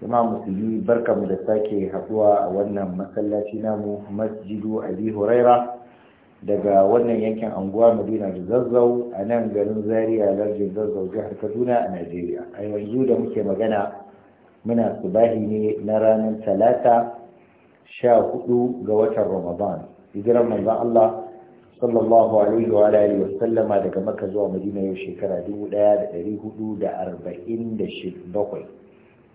jama musulmi mu da sake haduwa a wannan masallaci namu masjidu abi huraira daga wannan yankin anguwa madina da zazzau a nan garin zaria lardin zazzau jihar kaduna a najeriya a yanzu da muke magana muna subahi ne na ranar talata sha hudu ga watan ramadan hijiran manzon allah sallallahu alaihi wa alihi wa sallama daga makka zuwa madina yau shekara bakwai.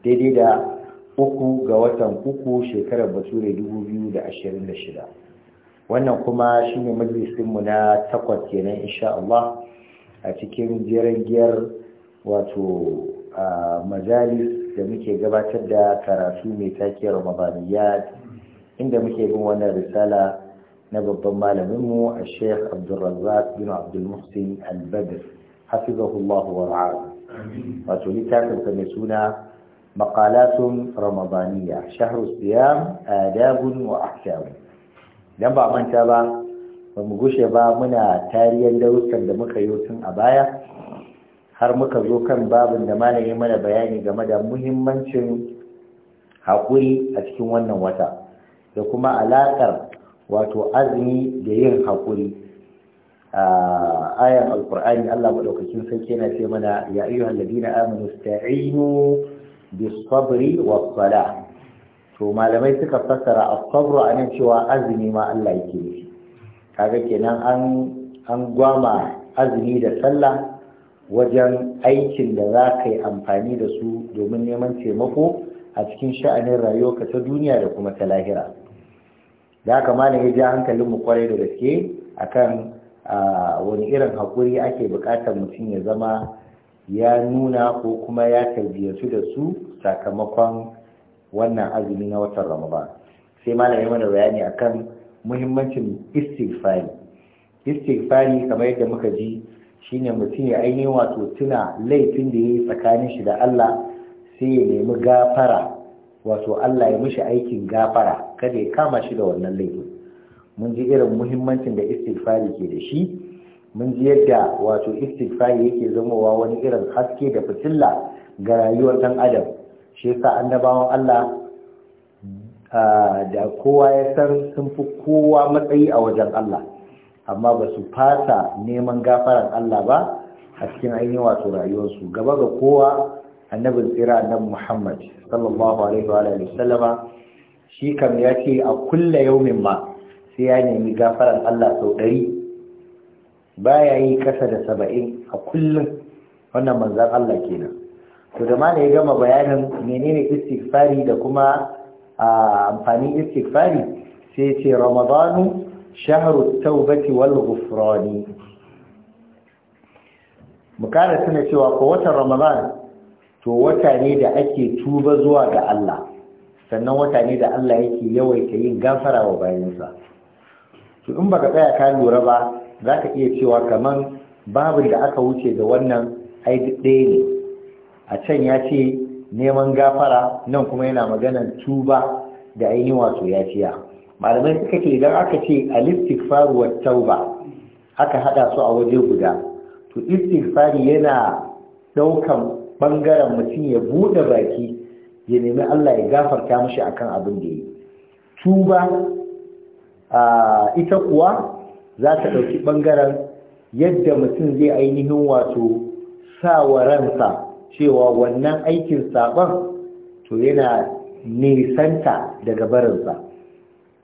daidai da uku ga watan uku shekarar bature 2026 wannan kuma shine majalisinmu na takwas kenan insha Allah a cikin jerin giyar wato majalis da muke gabatar da karatu mai take ramadaniyat inda muke bin wannan risala na babban malaminmu a sheikh abdulrazak bin abdulmuhsin albadr hafizahullahu wa wato littafinsa mai suna مقالات رمضانية شهر الصيام آداب وأحكام dan ba manta ba ba mu gushe ba muna tariyar darussan da muka yi tun a baya har muka zo kan babin da malami mana bayani game da muhimmancin haƙuri a cikin wannan wata da kuma alaƙar wato azumi da yin haƙuri a ayan alƙur'ani Allah madaukakin sarki yana ce mana ya ayyuhal ladina amanu sta'inu bisabri wa sala to malamai suka fassara as-sabr anan cewa azumi ma Allah yake yi kaga kenan an an gwama azumi da sallah wajen aikin da za ka yi amfani da su domin neman taimako a cikin sha'anin rayuwarka ta duniya da kuma ta lahira da haka malam ya ja hankalin mu kwarai da gaske akan wani irin hakuri ake buƙatar mutum ya zama ya nuna ko kuma ya tarbiyatu da su sakamakon wannan azumi na watan ramadan sai malam ya mana bayani akan muhimmancin istighfari istighfari kamar yadda muka ji shine mutum ya ainihin wato tuna laifin da ya yi tsakanin shi da Allah sai ya nemi gafara wato Allah ya mishi aikin gafara kada ya kama shi da wannan laifin mun ji irin muhimmancin da istighfari ke da shi mun ji yadda wato istighfari yake zamowa wani irin haske da fitilla ga rayuwar dan adam shi yasa annabawan Allah da kowa ya san sun fi kowa matsayi a wajen Allah amma ba su fasa neman gafaran Allah ba a cikin ainihin wato rayuwarsu gaba ga kowa annabin tsira annabi Muhammad sallallahu alaihi wa alihi sallama shi kam ya ce a kulla yaumin ma sai ya nemi gafaran Allah sau ɗari baya yi kasa da saba'in a kullum wannan manzan Allah kenan to da ma ya gama bayanin menene istighfari da kuma amfanin istighfari sai ce ramadanu shahru taubati wal ghufrani mu kara cewa ko watan ramadan to wata ne da ake tuba zuwa ga Allah sannan wata ne da Allah yake yawaita yin gafara wa bayansa to in baka tsaya ka lura ba za ka iya cewa kamar babin da aka wuce da wannan aiki ɗaya ne a can ya ce neman gafara nan kuma yana maganan tuba da ainihin wato ya ciya malamai suka ce idan aka ce al faruwar tauba aka haɗa su a waje guda to istighfari yana ɗaukan ɓangaren mutum ya buɗe baki ya nemi Allah ya gafarta mashi akan abin da yi tuba ita kuwa za ta ɗauki ɓangaren yadda mutum zai ainihin wato sa wa ransa cewa wannan aikin saɓon to yana nisanta daga barinsa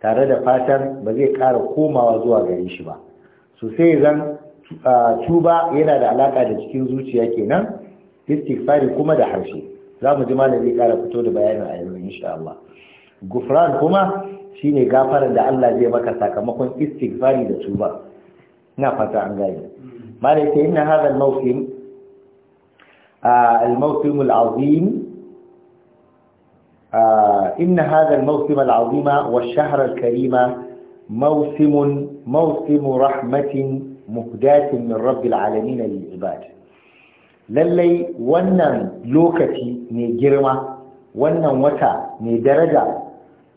tare da fatan ba zai ƙara komawa zuwa gare shi ba sosai zan tuba yana da alaƙa da cikin zuciya kenan istighfari kuma da harshe za mu ji malami zai ƙara fito da bayanin a yanzu insha Allah gufran kuma Shi ne gafarar da Allah zai maka sakamakon istighfari da tuba ina fata an gani. malai sai inna hada al-mawsim al-mawsim al-azim inna hadha al-mawsim al-azima wash-shahra al-karima mawsim mawsim rahmatin muhdatin min rabbil alamin lil-ibad lallai wannan lokaci ne girma wannan wata ne daraja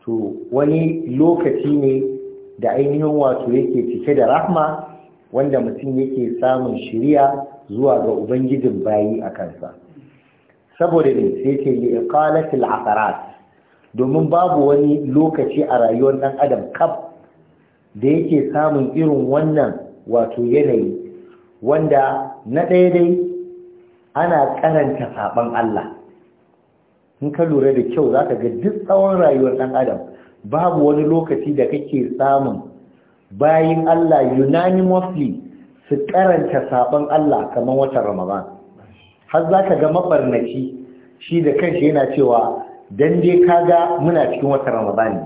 to wani lokaci ne da ainihin wato yake cike da rahma wanda mutum yake samun shiriya zuwa ga ubangijin bayi a kansa saboda ne sai ce yi iqalatil asarat domin babu wani lokaci a rayuwar ɗan adam kaf da yake samun irin wannan wato yanayi wanda na daidai ana karanta sabon Allah in ka lura da kyau za ka ga duk tsawon rayuwar ɗan adam babu wani lokaci da kake samun bayan Allah unanimously su karanta sabon Allah kamar watan Ramadan har za ka ga mabarnaci shi da kanshi yana cewa dan dai ga muna cikin watan Ramadan ne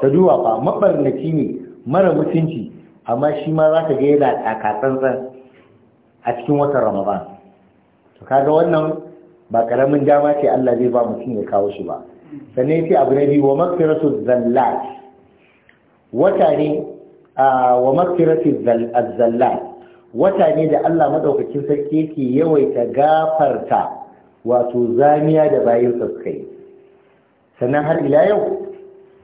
ta duwa fa mabarnaci ne mara mutunci amma shi ma za ka ga yana takatsantsan a cikin watan Ramadan to kaga wannan ba karamin dama ce Allah zai ba mutum ya kawo shi ba sannan yace abu na biyu wa maghfiratu zallat wata ne wa zallat wata ne da Allah madaukakin sarki yake yawaita gafarta wato zamiya da bayin saskai sannan har ila yau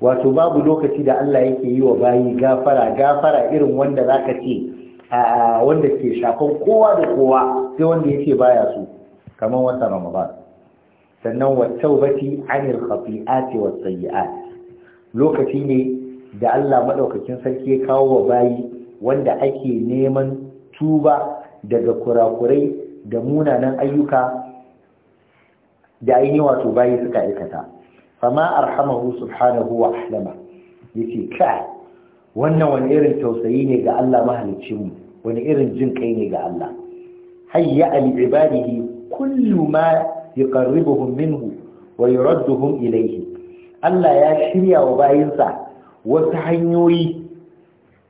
wato babu lokaci da Allah yake yi wa bayi gafara gafara irin wanda zaka ce wanda ke shafan kowa da kowa sai wanda yake baya so. kamar wata ramadan sannan wa taubati anil khati'ati was sayyi'at lokaci ne da Allah madaukakin sarki ya kawo wa bayi wanda ake neman tuba daga kurakurai da munanan ayyuka da ainihin wato bayi suka aikata fama arhamahu subhanahu wa ahlama yace kai wannan wani irin tausayi ne ga Allah mahalicin mu wani irin jin kai ne ga Allah hayya al ibadihi kullu ma yuqarribuhum minhu wa yuradduhum ilayhi Allah ya shirya wa bayinsa wasu hanyoyi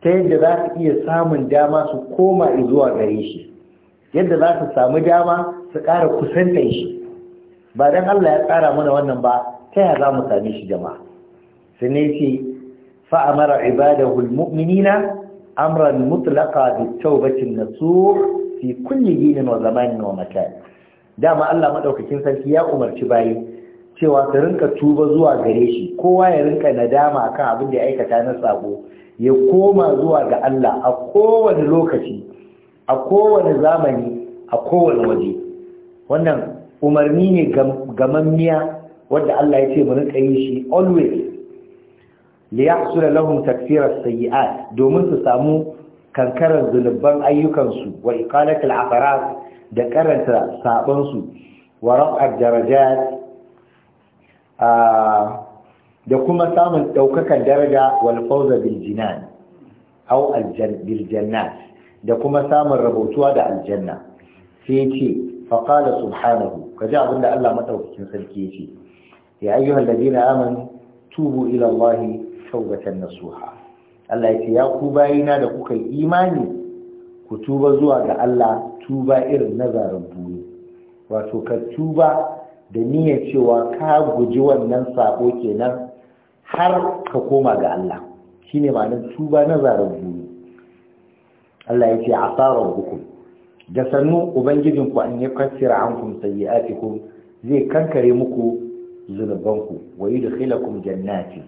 ta yadda za su iya samun dama su koma zuwa gare shi yadda za su samu dama su ƙara kusanta shi ba don Allah ya ƙara mana wannan ba ta yaya za mu same shi jama'a su ne ce fa'amara ibadahu almu'minina amran mutlaqa bi tawbatin nasu fi kulli ginin wa zamanin wa makan dama Allah maɗaukakin sarki ya umarci bayi cewa ta rinka tuba zuwa gare shi kowa ya rinka nadama kan abin da ya aikata na sabo ya koma zuwa ga Allah a kowane lokaci a kowane zamani a kowane waje wannan umarni ne gamammiya wadda Allah ya ce mu rinka yi shi always li yahsul lahum takfirat sayyi'at domin su samu kankarar zunuban ayyukansu wa iqalatul afarat da karanta sabansu wa raf'ar darajat da kuma samun ɗaukakan daraja wal fawza bil da kuma samun rabotuwa da aljanna sai ce fa Ka ji kaji abinda Allah madaukakin sarki ce. ya ayyuhal ladina amanu tubu ila Allah nasuha Allah ya ce ya ku bayina da kuka imani ku tuba zuwa ga Allah tuba irin na zaren wato ka tuba da niyyar cewa ka guji wannan sako kenan har ka koma ga Allah shine ma'anar tuba na zaren Allah ya ce asarar hukum da sannu ku an yi kassira an kum sayyi'atikum zai kankare muku zunubanku wa yudkhilakum jannati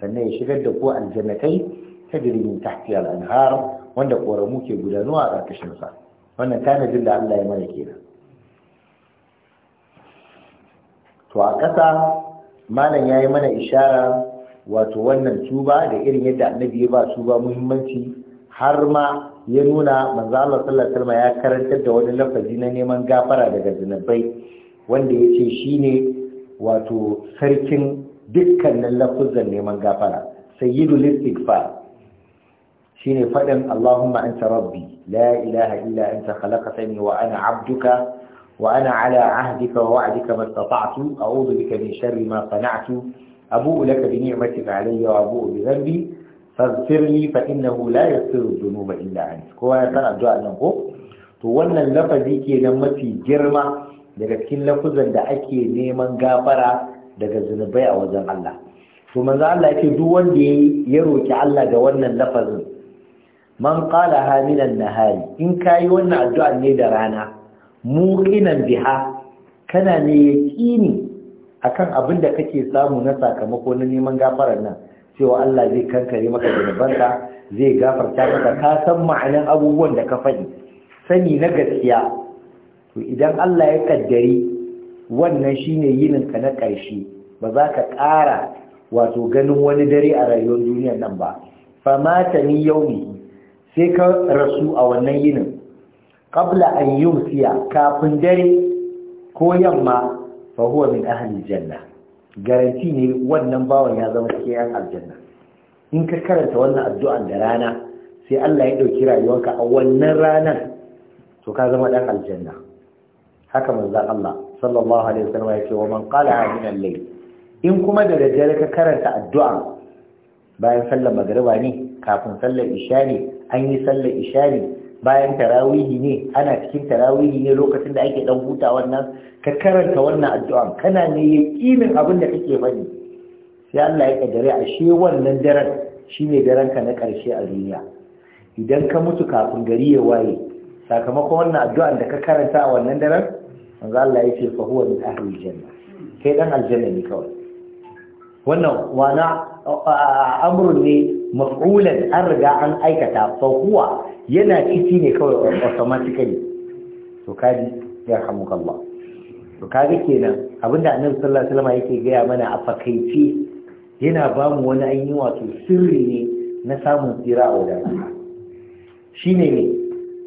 sannan ya shigar da ku aljannatai ta jirgin tahtiha anhar wanda ƙoramu ke gudanuwa a ƙarƙashin sa wannan tanadin da Allah ya mana kenan to a ƙasa malam ya yi mana ishara wato wannan tuba da irin yadda annabi ya ba tuba muhimmanci har ma ya nuna manzo Allah sallallahu alaihi ya karantar da wani lafazi na neman gafara daga zinabai wanda ya ce shine wato sarkin dukkanin lafuzan neman gafara sayyidul istighfar shine faɗin Allahumma anta rabbi la ilaha illa anta khalaqtani wa ana abduka wa ana ala ahdika wa wa'dika mastata'tu a'udhu bika min sharri ma sana'tu abu'u laka bi ni'matika alayya wa abu'u bi dhanbi faghfirli fa innahu la yaghfiru dhunuba illa anta kowa ya san addu'a nan ko to wannan lafazi kenan mafi girma daga cikin lafuzan da ake neman gafara daga zunubai a wajen Allah to manzo Allah yake duk wanda ya roki Allah da wannan lafazin man qala ha na nahari in ka yi wannan addu'a ne da rana muƙinan biha kana ne yaqini akan abin da kake samu na sakamako na neman gafarar nan cewa Allah zai kankare maka zunubanka zai gafarta maka ka san ma'anan abubuwan da ka faɗi sani na gaskiya to idan Allah ya kaddari wannan shine yinin ka na ƙarshe ba za ka ƙara wato ganin wani dare a rayuwar duniyar nan ba mata ni ne sai ka rasu a wannan yinin qabla an siya kafin dare ko yamma fa min ahli janna garanti ne wannan bawan ya zama cikin aljanna in ka karanta wannan addu'an da rana sai Allah ya ɗauki rayuwarka a wannan ranar to ka zama ɗan aljanna haka manzon Allah sallallahu alaihi wasallam ya ce wa man qala min al-layl in kuma da daddare ka karanta addu'a bayan sallar magriba ne kafin sallar ishari an yi sallar ishari bayan tarawihi ne ana cikin tarawihi ne lokacin da ake dan huta wannan ka karanta wannan addu'a kana ne yakinin abin da kake faɗi sai Allah ya kaddare ashe wannan daren shine daren ka na ƙarshe a duniya idan ka mutu kafin gari ya waye sakamakon wannan addu'an da ka karanta a wannan daren manzo Allah ya ce fa huwa min ahli janna kai dan aljanna ne kawai wannan wana amrun ne maf'ulan an riga an aikata fa huwa yana ciki ne kawai automatically to kaji yarhamukallah to kaga kenan abinda annabi sallallahu alaihi wasallam yake gaya mana a fakaice yana ba mu wani an yi wato sirri ne na samun tsira a wadata shi ne ne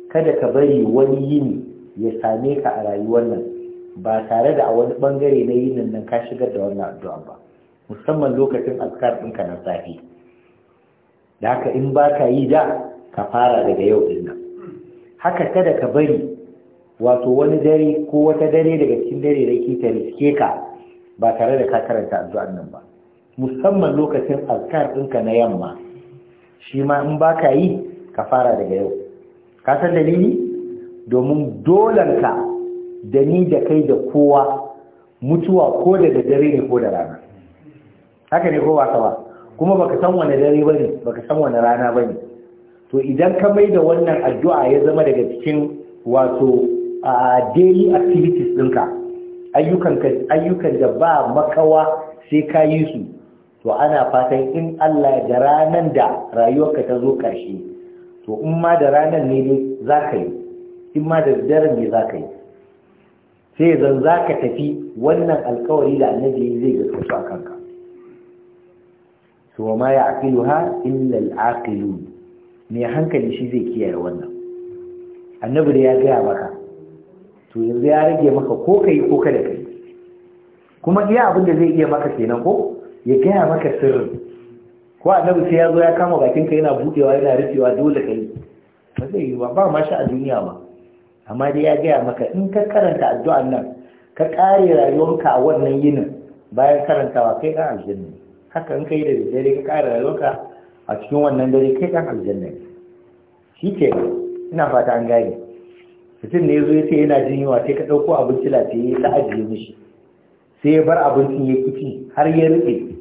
kada ka bari wani yini ya same ka a rayuwar nan ba tare da a wani bangare na yinin nan ka shigar da wannan addu'a ba musamman lokacin askar ɗinka na safe da haka in ba ka yi da ka fara daga yau ɗin nan haka kada ka bari wato wani dare ko wata dare daga cikin dare da ke ta riske ka ba tare da ka karanta addu'an nan ba musamman lokacin askar ɗinka na yamma shi ma in ba ka yi ka fara daga yau ka san dalili domin dolanka da ni da kai da kowa mutuwa ko da dare ne ko da rana haka ne ko ba ba kuma baka san wani dare bane baka san wani rana bane to idan ka mai da wannan addu'a ya zama daga cikin wato daily activities ɗinka ayyukan da ba makawa sai ka yi su to ana fatan in Allah da ranan da rayuwarka ta zo karshe, to in ma da ranan ne ne za yi in ma da daren ne za ka yi sai zan za ka tafi wannan alkawari da annabi zai a kanka to wa ma ha illa al-aqilun mai hankali shi zai kiyaye wannan annabi da ya gaya maka to yanzu ya rage maka ko kai ko kada kai kuma iya abin da zai iya maka kenan ko ya gaya maka sirrin ko annabi sai ya zo ya kama bakinka yana budewa yana rufewa dole kai ba zai yi ba ba ma shi a duniya ba amma dai ya gaya maka in ka karanta addu'an nan ka kare rayuwarka a wannan yinin bayan karantawa kai ɗan aljanna haka in kai da dare ka ƙara rayuwarka a cikin wannan dare kai kan aljanna ne shi ke ina fata an gane mutum ne zo ya ce yana jin yawa sai ka ɗauko abinci lafiya ta ajiye mishi sai ya bar abincin ya kici har ya rike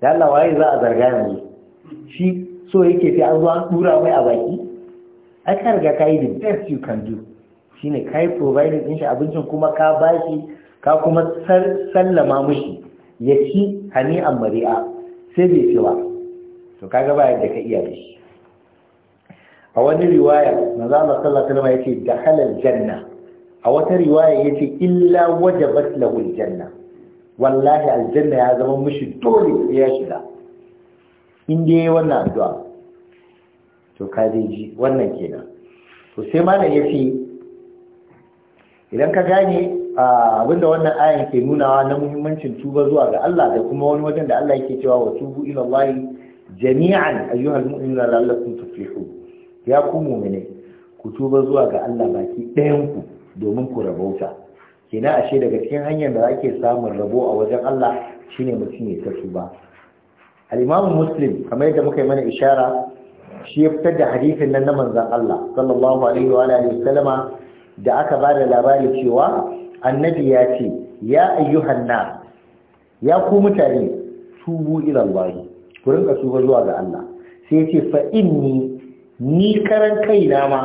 da Allah waye za a zarga yanzu shi so yake sai an zo an tura mai a baki ai ka riga ka yi the best you can do shine kai providing din shi abincin kuma ka bashi ka kuma sallama mishi ya ci hani'an mari'a sai bai ci ba to kaga ba da ka iya da shi a wani riwaya manzo Allah sallallahu ya ce, da dakhala janna a wata riwaya ya ce, illa waje lahu janna. wallahi aljanna ya zama mishi dole ya shiga in dai wannan addu'a to ka dai ji wannan kenan to sai malam ya ce, idan ka gane Ah, abinda wannan ayan ke nunawa na muhimmancin tuba zuwa ga Allah da kuma wani wajen da Allah yake cewa wa tubu ila Allah jami'an ayyuhal mu'minuna la'allakum tuflihu ya ku mu'mine ku tuba zuwa ga Allah baki ɗayan ku domin ku rabauta kina ashe daga cikin hanyar da ake samun rabo a wajen Allah shine mutum ya ta ba. al-Imam Muslim kamar yadda muka yi mana ishara shi ya fitar da hadisin nan na manzon Allah sallallahu alaihi wa alihi wasallama da aka ba da labari cewa annabi ya ce ya ayyuhan nas ya ku mutane tubu ila Allah ku rinka tuba zuwa ga Allah sai ya ce fa inni ni karan kaina ma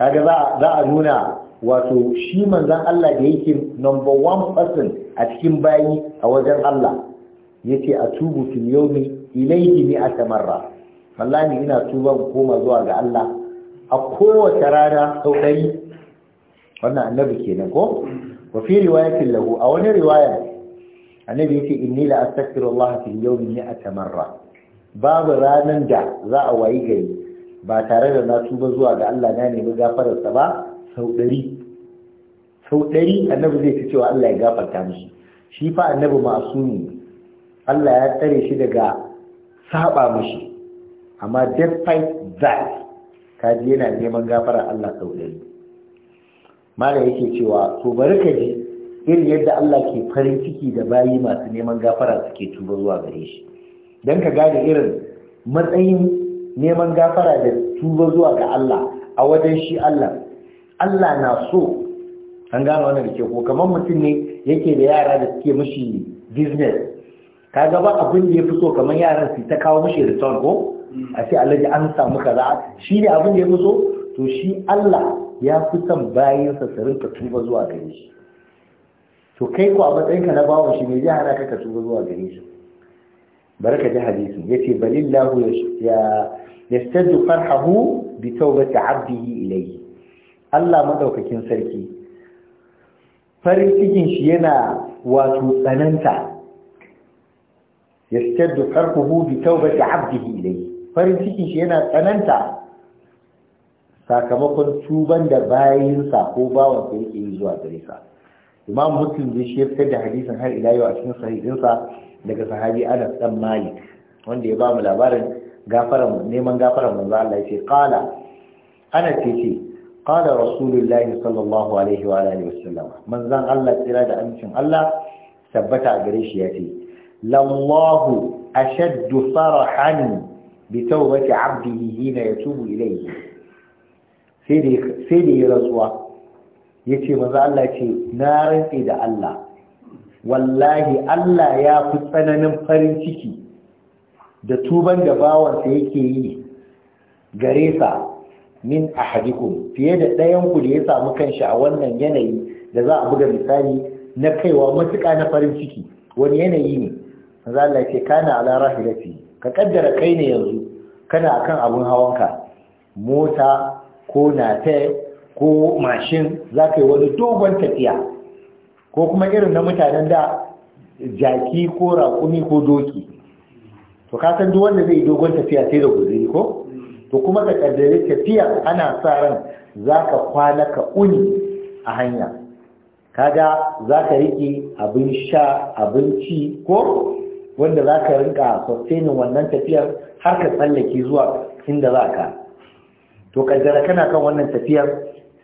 kaga za za a nuna wato shi manzon Allah da yake number one person a cikin bayi a wajen Allah yace atubu fil yawmi ilayhi mi'ata marra wallahi ina tuban koma zuwa ga Allah a kowace rana sau ɗari wannan annabi kenan ko wa fi riwayatin lahu a wani riwaya annabi yake inni la astaghfirullah fil yawmi mi'ata marra babu ranan da za a wayi gari ba tare da na tuba zuwa ga Allah na nemi gafararsa ba sau ɗari sau annabi zai ci cewa Allah ya gafarta mishi shi fa annabi masumi Allah ya tsare shi daga saba mishi amma despite that kaji yana neman gafarar Allah sau ɗari malam yake cewa to bari ka ji irin yadda Allah ke farin ciki da bayi masu neman gafara suke tuba zuwa gare shi don ka gane irin matsayin neman gafara da tuba zuwa ga Allah a wajen shi Allah Allah na so an gano wannan da ko kamar mutum ne yake da yara da suke mishi business ka ga ba abin da ya fi so kamar yaran su ta kawo mishi return ko mm. a allah ji an samu kaza shi ne abin da ya fi so to shi Allah ya fi son bayansa su rinka tuba zuwa gare shi to kai ko a matsayinka na bawon shi ne zai hana ka ka tuba zuwa gare shi baraka ji hadisin yace balillahu ya yastadu farhahu bi tawbati abdihi ilayhi Allah madaukakin sarki farin cikin shi yana wato tsananta yastadu farhahu bi tawbati abdihi ilayhi farin cikin shi yana tsananta sakamakon tuban da bayinsa ko bawansa yake yi zuwa gare sa imam muslim zai shi fitar da hadisin har ila yau a cikin sahihinsa daga sahabi anas dan malik wanda ya ba mu labarin gafaran neman gafaran manzo Allah ya ce qala ana ce ce qala rasulullah sallallahu alaihi wa alihi wasallam manzon Allah tsira da amincin Allah tabbata gare shi ya ce lallahu ashaddu farahan bi tawbati abdihi hina yatubu ilayhi sai da ya rasuwa ya ce maza Allah ce na rantse da Allah wallahi Allah ya fi tsananin farin ciki da tuban da bawansa yake yi gare sa min ahadikum fiye da ɗayan ku da ya samu kanshi a wannan yanayi da za a buga misali na kaiwa matuƙa na farin ciki wani yanayi ne maza Allah ce kana ala rahilati ka kaddara kai ne yanzu kana akan abun hawanka mota ko nafe ko mashin za ka yi wani dogon tafiya ko kuma irin na mutanen da jaki ko raƙumi ko doki to ka san duk wanda zai dogon tafiya sai da guzuri ko to kuma ka kaddare tafiya ana sa ran za ka kwana ka uni a hanya kaga za ka riƙe abin sha abinci ko wanda za ka rinka sustaining wannan tafiyar har ka tsallake zuwa inda za ka to kaddara kana kan wannan tafiyar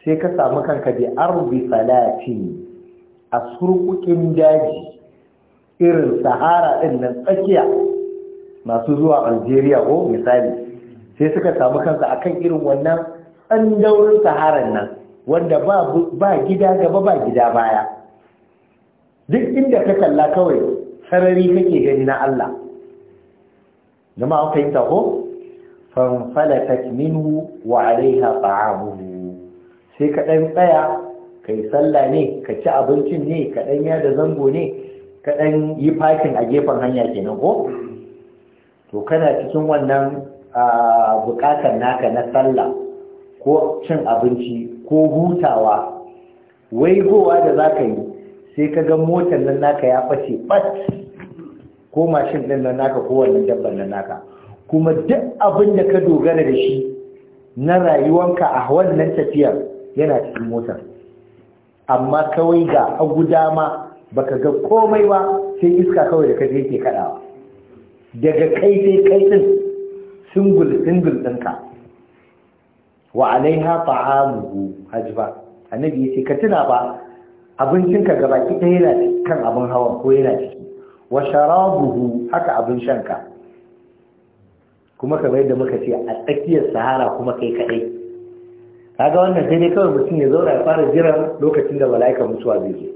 sai ka samu kanka bi arbi salati a surkukin daji irin sahara din nan tsakiya masu zuwa algeria ko misali sai suka samu kansa akan irin wannan tsandaurin saharan nan wanda ba gida gaba ba gida baya duk inda ka kalla kawai sarari kake gani na Allah jama'a fahimta ko fanfalakat minhu wa alaiha sai ka ɗan tsaya ka yi sallah ne ka ci abincin ne ka ɗan da zango ne ka ɗan yi fakin a gefen hanya kenan ko to kana cikin wannan buƙatar naka na sallah ko cin abinci ko hutawa Wai kowa da za ka yi sai ka ga motar nan naka ya fashe ɓat ko mashin ɗin nan naka ko wannan dabban nan naka kuma duk abin da ka dogara da shi na rayuwanka a wannan tafiyar yana cikin motar amma kawai ga hagu dama baka ga komai ba sai iska kawai da ka je ke kaɗawa. daga kai sai kai din singul singul ɗinka wa alaiha ta'amuhu hajba annabi yace ka tuna ba abincinka gaba ɗaya yana kan abin hawa ko yana ciki wa sharabuhu haka abin shanka kuma kamar yadda muka ce a tsakiyar sahara kuma kai kaɗai kaga wannan sai dai kawai mutum ya zauna ya fara jiran lokacin da mala'ika mutuwa zai zo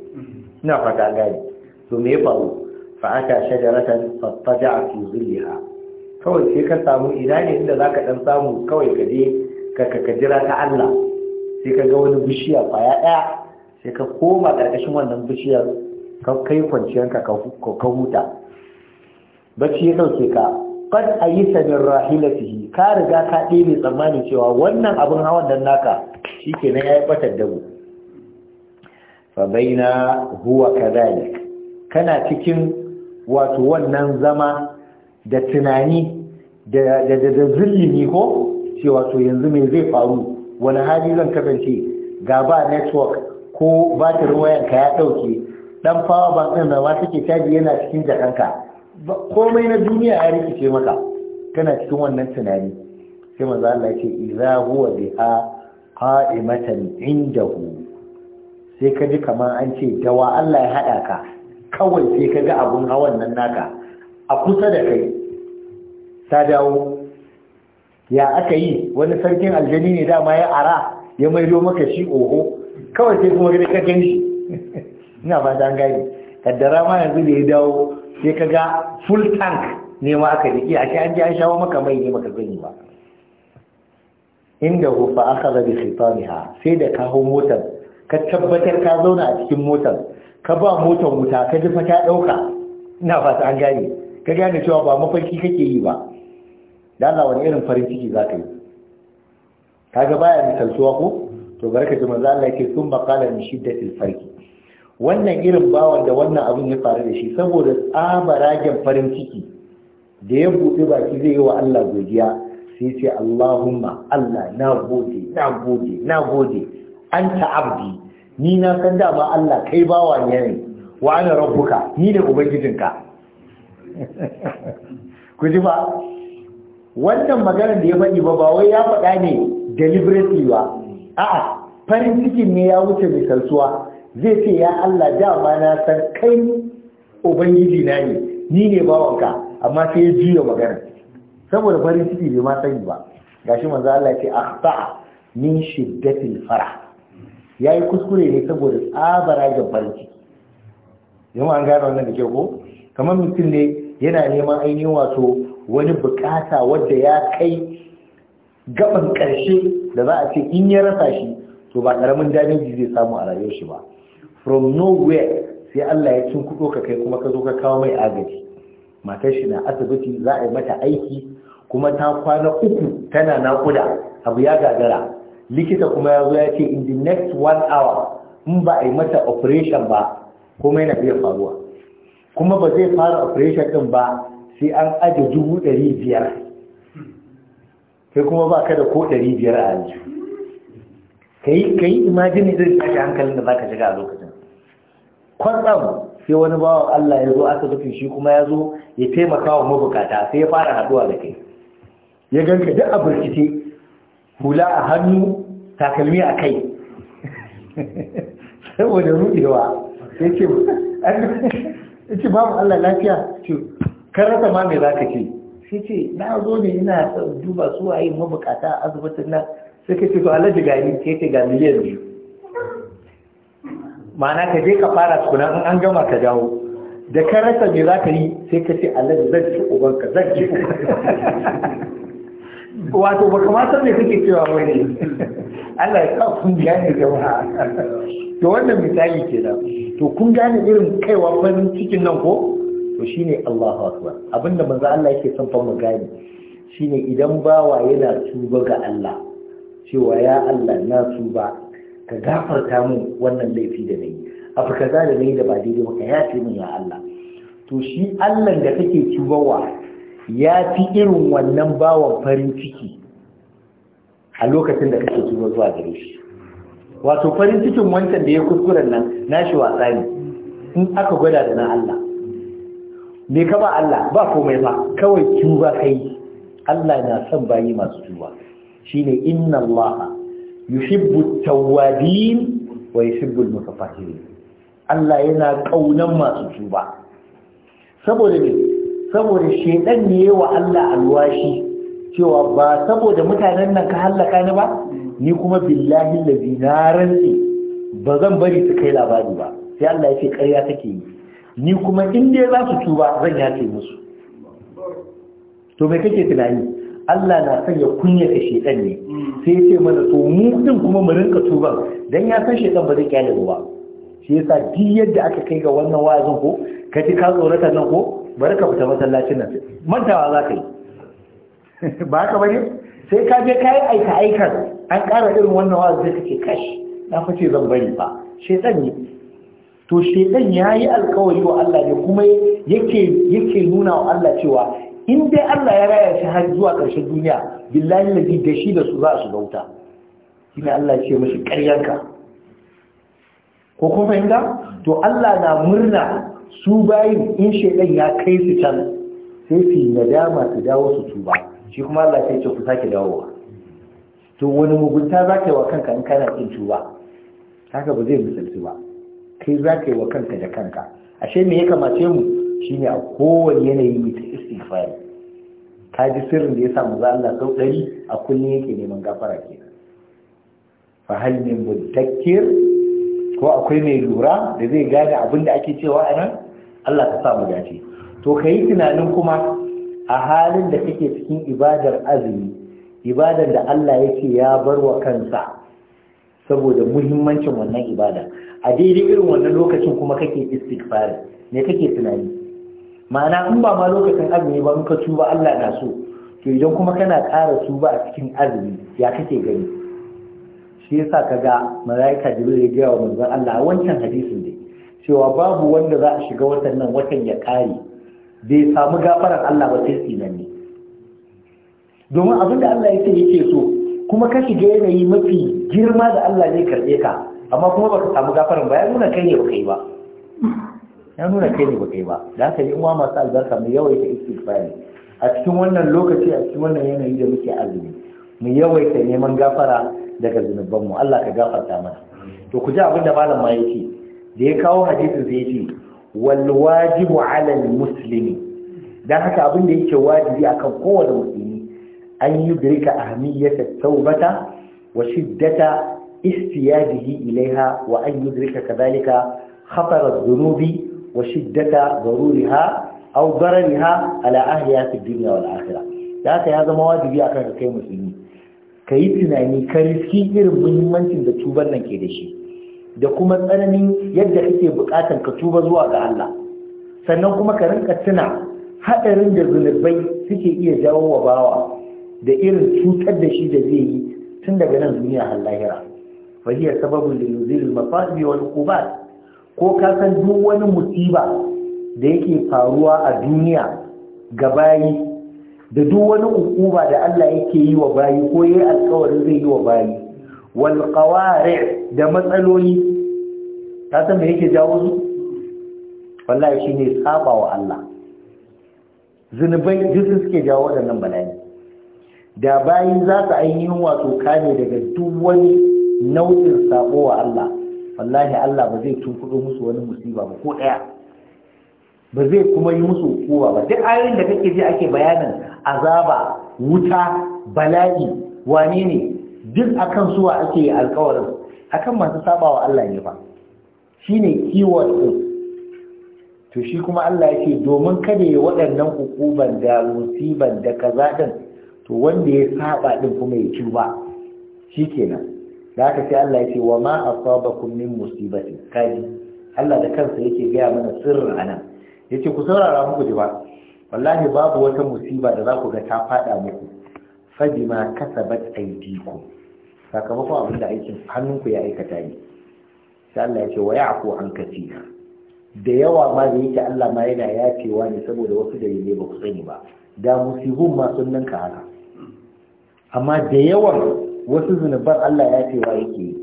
ina fata gani to me ya faru fa aka shajaratan fattaja fi zilliha kawai sai ka samu ina ne inda zaka dan samu kawai ka je ka ka jira ta Allah sai ka ga wani bishiya kwaya daya sai ka koma karkashin wannan bishiyar ka kai kwanciyarka ka huta bacci ya dauke ka qad ayisa min rahilatihi ka riga ka ɗebe tsammani cewa wannan abin hawan dan naka shikenan yayi batar mu. fa baina huwa kadhalik kana cikin wato wannan zama da tunani da da da zulmi ko cewa to yanzu me zai faru wani hali zan kasance ga ba network ko batirin wayanka ya dauke dan fawa ba din da ba take caji yana cikin jakanka komai na duniya ya rikice maka kana cikin wannan tunani sai manzo Allah ce idza huwa biha qa'imatan indahu sai ka ji kamar an ce dawa Allah ya hada ka kawai sai ka abun hawan nan naka a kusa da kai ta dawo ya aka yi wani sarkin aljani ne dama ya ara ya maido maka shi oho kawai sai kuma ga ka gani ina fata an gani kaddara ma yanzu da ya dawo sai ka ga full tank ne ma aka rike a an ji an shawo maka mai ne maka gani ba inda hufa aka zabi shaitaniha sai da ka hau motar ka tabbatar ka zauna a cikin motar ka ba motar wuta ka ji fa ta ɗauka, ina fata an gane ka gane cewa ba mafarki kake yi ba da Allah wani irin farin ciki za ka yi kaga baya suwa ko to barka ji manzo Allah yake sun baqala min shiddatil farki wannan irin bawan da wannan abin ya faru da shi saboda ragen farin ciki da ya buɗe baki zai yi wa Allah godiya sai ce Allahumma Allah na gode na gode na gode an abdi ni na san dama Allah kai bawa ne ne wa ana rabbuka ni da ubangijinka ku ji ba wannan maganar da ya faɗi ba ba wai ya faɗa ne deliberately ba a'a farin cikin ne ya wuce misaltuwa zai ce ya Allah dama na san kai ubangiji na ne ni ne bawanka amma sai ya juya magana saboda farin ciki bai ma sani ba gashi manzo Allah ce akhta min shiddatil fara yayi kuskure ne saboda tsabara ga farin ciki Yau an gano wannan da ke ko kamar mutum ne yana neman ainihin wato wani bukata wadda ya kai gaban karshe da za a ce in ya rasa shi to ba karamin damiji zai samu a rayuwar shi ba from nowhere sai Allah ya cin kudo ka kai kuma ka zo ka kawo mai agaji matar shi na asibiti za a yi mata aiki kuma ta kwana uku tana naƙuda abu ya gagara likita kuma ya zo ya ce in the next one hour in ba a yi mata operation ba kuma yana iya faruwa kuma ba zai fara operation din ba sai an aje dubu ɗari biyar sai kuma ba ka da ko ɗari biyar a yanzu ka yi imajini zai tashi hankalin da za ka shiga a lokacin kwatsam sai wani bawan Allah ya zo aka dafi shi kuma ya zo ya taimaka wa mabukata sai ya fara haduwa da kai ya ganka duk abin rikice hula a hannu takalmi a kai saboda rudewa ya ce ya ce bawan Allah lafiya ce karata ma mai za ka ce sai ce na zo ne ina duba su waye mabukata a asibitin nan sai ka ce to Allah gani ce ga miliyan biyu ma'ana ka je ka fara tukuna in an gama ka jawo da ka rasa me za ka yi sai ka ce Allah zan ci ubanka zan ci wato ba kamata me kake cewa wani Allah ya sa kun gane jama'a to wannan misali kenan to kun gane irin kaiwa farin cikin nan ko to shine Allahu akbar abinda manzo Allah yake son fa mu gane shine idan bawa yana tuba ga Allah cewa ya Allah na tuba ka gafarta min wannan laifi da nayi abu kaza da nayi da ba daidai ba ka min ya Allah to shi Allah da kake tubawa ya fi irin wannan bawan farin ciki a lokacin da kake tuba zuwa gare shi wato farin cikin wancan da ya kuskuren nan nashi wasa ne in aka gwada da na Allah me ka ba Allah ba komai ba kawai tuba kai Allah na son bayi masu tuba shine inna Allah يحب التوابين wa المتطهرين الله yana kaunan masu tuba saboda ne saboda shedan ne wa Allah alwashi cewa ba saboda mutanen nan ka halaka ni ba ni kuma billahi allazi na ba zan bari su kai labari ba sai Allah ya ce ƙarya take yi ni kuma in dai za su tuba zan yace musu to me kake tunani Allah na son ya kunya ka shekan ne sai ya ce mana to mu din kuma mu rinka tuban dan ya san shekan ba zai kyale ba shi yasa duk yadda aka kai ga wannan wa'azin ko ka ji ka tsorata nan ko bari ka fita masallacin nan mantawa za ka yi ba ka bari? sai ka je kai aika aikar an ƙara irin wannan wa'azin da kake kash na fice zan bari ba shekan ne to ya yayi alkawari wa Allah ne kuma yake yake nuna wa Allah cewa in dai Allah ya raya shi har zuwa ƙarshen duniya billahi lazi da shi da su za su bauta shi ne Allah ce mashi ƙaryanka ko kun fahimta to Allah na murna su bayin in shaidan ya kai su can sai su nadama su dawo su tuba shi kuma Allah sai ce ku sake dawowa to wani mugunta za ka yi wa kanka in kana kin tuba haka ba zai misalci ba kai za ka yi wa kanka da kanka ashe me ya kamace mu shine a kowane yanayi mutum istighfari ka ji sirrin da ya sa za Allah sau ɗari a kullum yake neman gafara kenan fa hal min mudakkir ko akwai mai lura da zai gane abin da ake cewa a nan Allah ka sa mu dace to kai tunanin kuma a halin da kake cikin ibadar azumi ibadar da Allah yake ya bar wa kansa saboda muhimmancin wannan ibada a daidai irin wannan lokacin kuma kake istighfari me kake tunani ma'ana in ba ma lokacin azumi ba in ka tuba Allah na so to idan kuma kana ƙara tuba a cikin azumi ya kake gani shi yasa ga malaika jibril ya gaya wa manzon Allah wancan hadisin dai cewa babu wanda za a shiga watan nan watan ya kare. bai samu gafarar Allah ba sai ne domin abin da Allah yake yake so kuma ka shiga yanayi mafi girma da Allah zai karɓe ka amma kuma baka samu gafarar ba ya nuna kai ne baka yi ba ya nuna kai ne baka yi ba da haka yi uwa masu albarka mu yawaita istighfari a cikin wannan lokaci a cikin wannan yanayi da muke azumi mu yawaita neman gafara daga mu. Allah ka gafarta mana to ku ji abin da malam ma yake da ya kawo hadisin sai yake wal wajibu ala al muslimi dan haka abin da yake wajibi akan kowane musulmi an yi birka ahmiyata taubata wa shiddata istiyadihi ilaiha wa an yudrika kadhalika khatar wa shiddata au aw darariha ala ahliya fi dunya wal akhirah da haka ya zama wajibi akan ka kai musulmi ka yi tunani ka riski irin muhimmancin da tuban nan ke da shi da kuma tsananin yadda kake bukatan ka tuba zuwa ga Allah sannan kuma ka rinka tuna hadarin da zunubai suke iya jawo wa bawa da irin cutar da shi da zai yi tun daga nan duniya har lahira fa hiya sababun lil nuzul wal ko ka san duk wani musiba da yake faruwa a duniya ga bayi da duk wani hukuma da Allah yake yi wa bayi ko yayi alƙawarin zai yi wa bayi wal qawari' da matsaloli ka san me yake jawo su wallahi shine saba wa Allah zunubai duk suke jawo waɗannan bala'i da bayi za su ainihin wato kame daga duk wani nau'in sabo wa Allah wallahi Allah ba zai tunkuɗo musu wani musiba ba ko ɗaya ba zai kuma yi musu kowa ba duk ayoyin da kake ji ake bayanin azaba wuta bala'i wane ne duk akan suwa ake yi alkawarin akan masu sabawa Allah ne fa shine keyword ɗin. to shi kuma Allah yake domin kada ya waɗannan hukuban da musiban da kaza din to wanda ya saba ɗin kuma ya ba, shi kenan. zaka haka sai Allah yake wa ma asabakum min musibati kai Allah da kansa yake gaya mana sirrin anan yace ku saurara muku ji ba wallahi babu wata musiba da za ku ga ta fada muku fajima kasabat aydikum sakamakon abin da aikin hannunku ya aikata ne sai Allah yace wa ya'fu an kaseera da yawa ma da yake Allah ma yana yacewa ne saboda wasu da dalilai ba ku sani ba da musibun ma sun ninka haka amma da yawan wasu zunubar Allah ya cewa yake yi